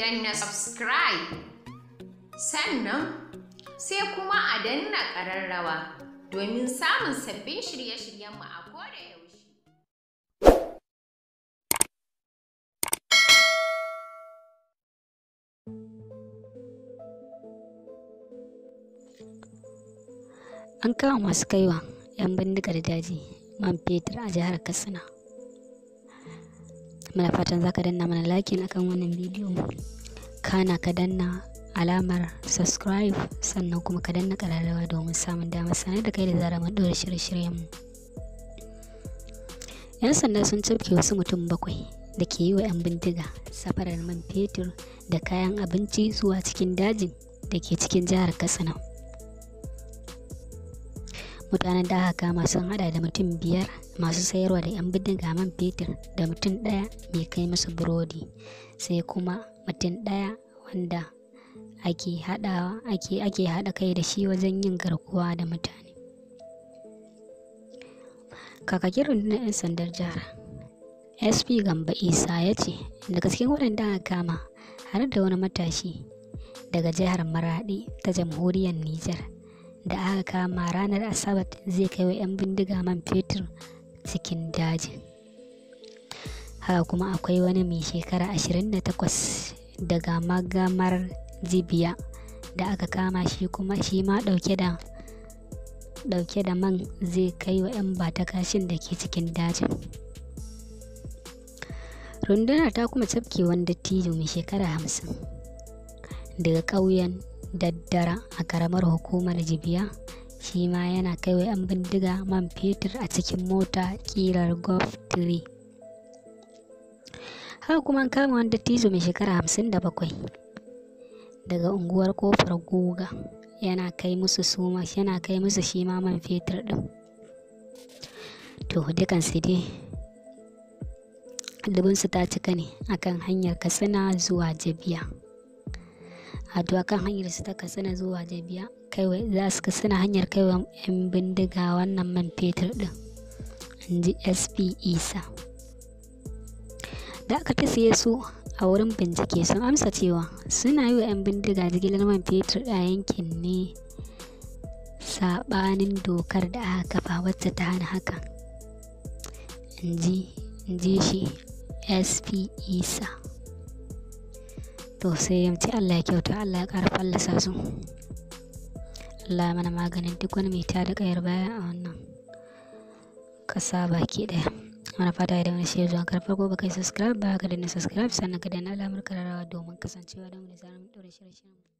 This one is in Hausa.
danna subscribe sannan sai kuma a danna ƙararrawa domin samun sabbin shirye-shiryenmu a koda yaushe. An kama masu kaiwa 'yan bindigar daji man fetur a jihar Katsina. muna fatan za danna mana lakin akan wannan bidiyo kana ka danna alamar subscribe sannan kuma ka danna kararrawa domin samun damar sanar da kai da zara mun ɗora shirye mu yan sanda sun cafke wasu mutum bakwai da ke yi wa 'yan bindiga safarar man fetur da kayan abinci zuwa cikin dajin da ke cikin jihar katsina mutanen da aka kama sun hada da mutum biyar masu sayarwa da 'yan bindiga man fetur da mutum daya mai kai musu burodi sai kuma mutum daya wanda ake hada ake hada kai da shi wajen yin garkuwa da mutane kakakin rundunar 'yan sandar jihar sp gamba isa ya ce daga cikin waɗanda aka kama har da wani matashi daga jihar maradi ta jamhuriyar nijar. da aka kama ranar asabar zai kai wa 'yan bindiga man fetur cikin daji. haka kuma akwai wani mai shekara 28 daga magamar jibiya da aka kama shi kuma shi ma dauke da man zai kai wa 'yan batakashin da ke cikin dajin rundunar ta kuma cafke wanda dattijo mai shekara 50 daga ƙauyen daddara a karamar hukumar jibiya shi ma yana kaiwa 'yan bindiga man fetur a cikin mota ƙirar golf 3 haka kuma kama wani dattijo mai shekara 57 daga unguwar kofar guga yana kai musu suma yana kai musu shi ma man fetur ɗin to su dai dubinsu ta cika ne akan hanyar katsina zuwa jibiya haduwa kan hanyar su ta katsina zuwa jabiya kaiwa za su katsina hanyar kaiwa 'yan bindiga wannan man fetur din in ji sp isa da aka siye su a wurin bincike sun amsa cewa suna yi wa 'yan bindiga jigilar man fetur a yankin ne saɓanin dokar da aka kafa wacce ta hana haka in ji shi sp isa to sai yamci Allah ya kyauta Allah ya ƙara fallasa su Allah ya mana maganin duk wani mai tada kayar baya a wannan ƙasa baki ɗaya wani fata idan wani shi zuwa karfar gobe kai subscribe ba ka danna subscribe sannan ka danna alamar kararrawa domin kasancewa da wani zanen ɗaure shirye